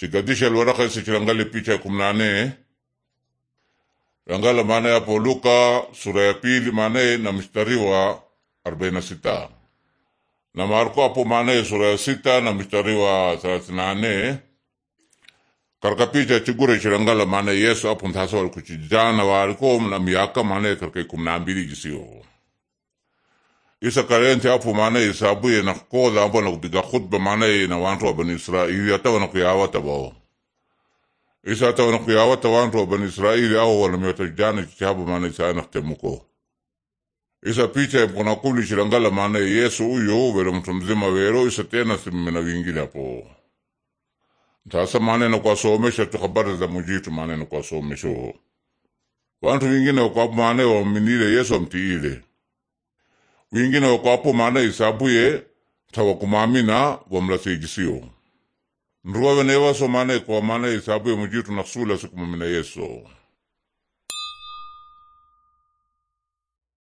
Chigadisha lwaraka isechilangale picha ya kumi na nane rangala maana yapo Luka sura ya pili maanaye na mstari wa arobaini na sita na Marko apo maanaye sura ya sita na mstari wa thelathini na nane karka picha chigure chilangala maanaye Yesu apo nthasa walikuchijana wariko na miaka maanaye karaka ikumi na mbili jisiyo isa kalente apo manaye isabuye nakukola ambo nakupiga khutba manaye na wantu wa bani israili ata kuyawa bao isa ata wanakuyawata wantu wa bani israili ao wanamewatajana kitabu jana chichabu nakutemuko isa picha mkonakubulishilangala manaye yesu uyo vela mtu mzima vero isa tena simmena wingine apo sasa manaye nakuwasomesha tu habari za mujitu manaye nakuwasomesha wantu wingine wakwabu wa minile yesu amtiile wingine wakwapo mana isabuye tawakumamina wamlasigisiyo nruwawenewaso mana ikawamana isabuye mujitu naksula sikumamina yeso